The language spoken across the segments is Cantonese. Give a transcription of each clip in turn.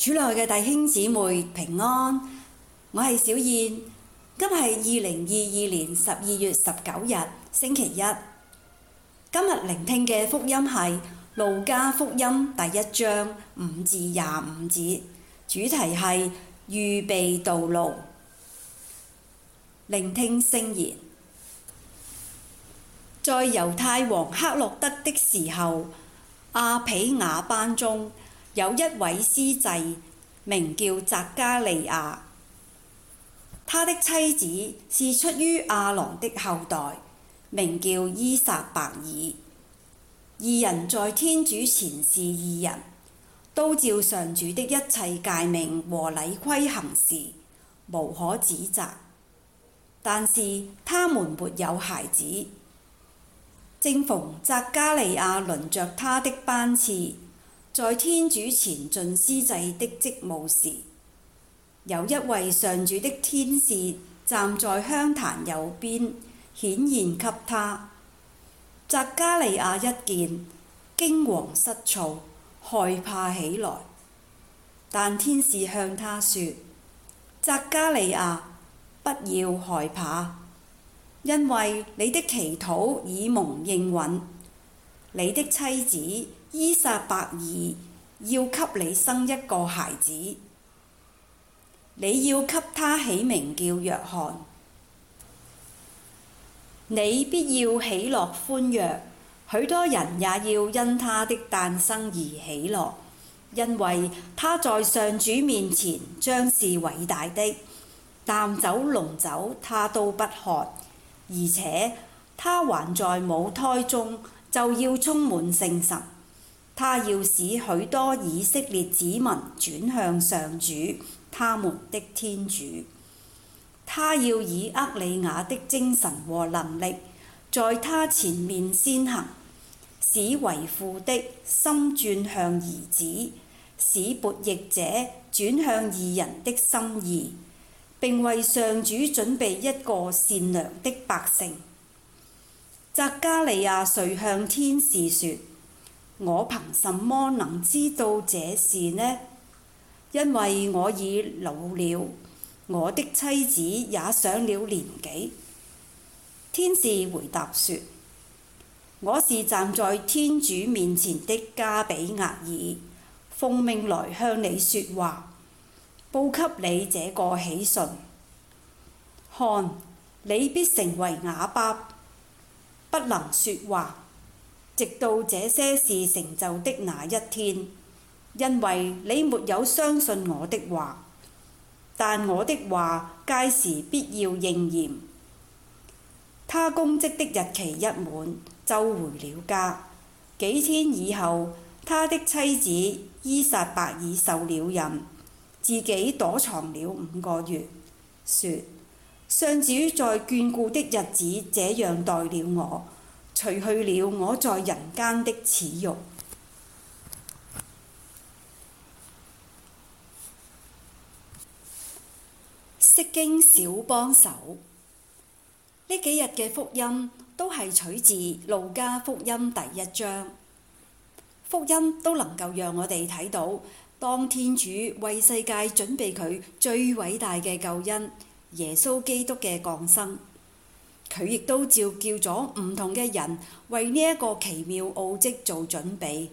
主內嘅弟兄姊妹平安，我係小燕，今日係二零二二年十二月十九日星期一。今日聆聽嘅福音係路加福音第一章五至廿五節，主題係預備道路。聆聽聖言，在猶太王黑落德的時候，阿彼雅班中。有一位司祭名叫匝加利亞，他的妻子是出於亞郎的後代，名叫依撒伯爾。二人在天主前是義人，都照上主的一切誡命和禮規行事，無可指摘。但是，他們沒有孩子。正逢匝加利亞輪着他的班次。在天主前盡司祭的職務時，有一位上主的天使站在香壇右邊，顯現給他。匝加利亞一見，驚惶失措，害怕起來。但天使向他說：匝加利亞，不要害怕，因為你的祈禱已蒙應允，你的妻子。依撒伯爾要給你生一個孩子，你要給他起名叫若翰。你必要喜樂歡躍，許多人也要因他的誕生而喜樂，因為他在上主面前將是偉大的。淡酒濃酒他都不喝，而且他還在母胎中就要充滿聖神。他要使許多以色列子民轉向上主，他們的天主。他要以厄里亞的精神和能力，在他前面先行，使為父的心轉向兒子，使悖逆者轉向義人的心意，並為上主準備一個善良的百姓。匝加利亞遂向天使說。我憑什麼能知道這事呢？因為我已老了，我的妻子也上了年紀。天使回答說，我是站在天主面前的加俾額爾，奉命來向你說話，報給你這個喜訊。看，你必成為啞巴，不能說話。直到這些事成就的那一天，因為你沒有相信我的話，但我的話屆時必要應驗。他供職的日期一滿，就回了家。幾天以後，他的妻子依撒伯爾受了孕，自己躲藏了五個月，說，上主在眷顧的日子，這樣待了我。除去了我在人間的恥辱，釋經小幫手。呢幾日嘅福音都係取自路加福音第一章。福音都能夠讓我哋睇到，當天主為世界準備佢最偉大嘅救恩——耶穌基督嘅降生。佢亦都召叫咗唔同嘅人為呢一個奇妙奧跡做準備。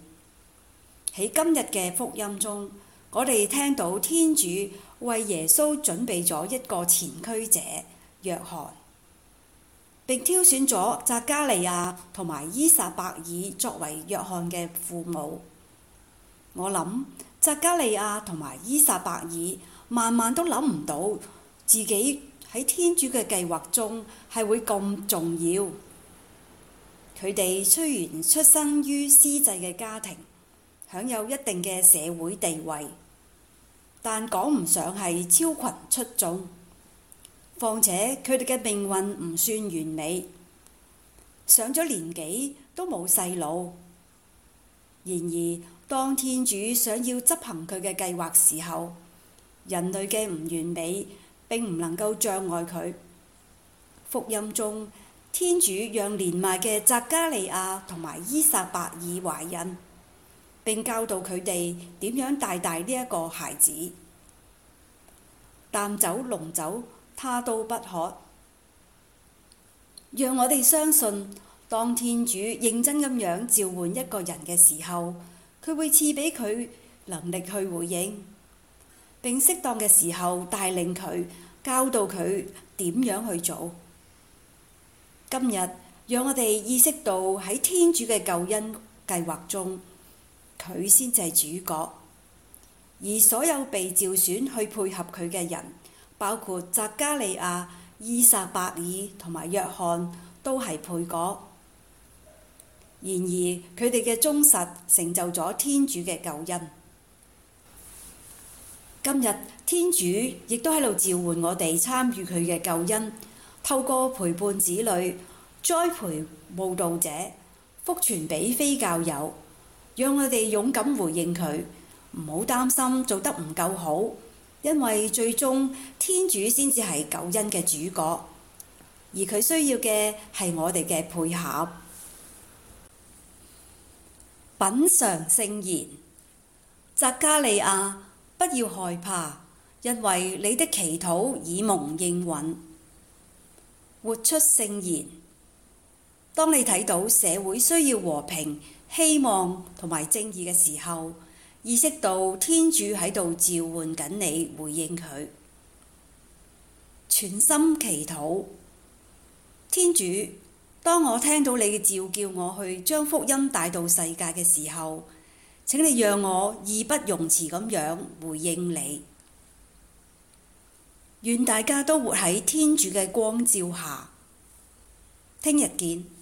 喺今日嘅福音中，我哋聽到天主為耶穌準備咗一個前驅者若翰，並挑選咗匝加利亞同埋依撒伯爾作為若翰嘅父母。我諗匝加利亞同埋依撒伯爾萬萬都諗唔到自己喺天主嘅計劃中係會咁重要。佢哋雖然出身於私制嘅家庭，享有一定嘅社會地位，但講唔上係超群出眾。況且佢哋嘅命運唔算完美，上咗年紀都冇細路。然而當天主想要執行佢嘅計劃時候，人類嘅唔完美。並唔能夠障礙佢。福音中，天主讓年邁嘅匝加利亞同埋依撒伯爾懷孕，並教導佢哋點樣帶大呢一個孩子。淡酒濃酒，他都不喝。讓我哋相信，當天主認真咁樣召喚一個人嘅時候，佢會賜俾佢能力去回應。並適當嘅時候帶領佢，教導佢點樣去做。今日讓我哋意識到喺天主嘅救恩計劃中，佢先至係主角，而所有被召選去配合佢嘅人，包括匝加利亞、依撒伯爾同埋若翰，都係配角。然而，佢哋嘅忠實成就咗天主嘅救恩。今日天主亦都喺度召喚我哋參與佢嘅救恩，透過陪伴子女、栽培慕道者、福傳俾非教友，讓我哋勇敢回應佢，唔好擔心做得唔夠好，因為最終天主先至係救恩嘅主角，而佢需要嘅係我哋嘅配合。品嚐聖言，匝加利亞。不要害怕，因為你的祈禱已蒙應允，活出聖言。當你睇到社會需要和平、希望同埋正義嘅時候，意識到天主喺度召喚緊你，回應佢，全心祈禱。天主，當我聽到你嘅召叫，我去將福音帶到世界嘅時候。請你讓我義不容辭咁樣回應你。願大家都活喺天主嘅光照下。聽日見。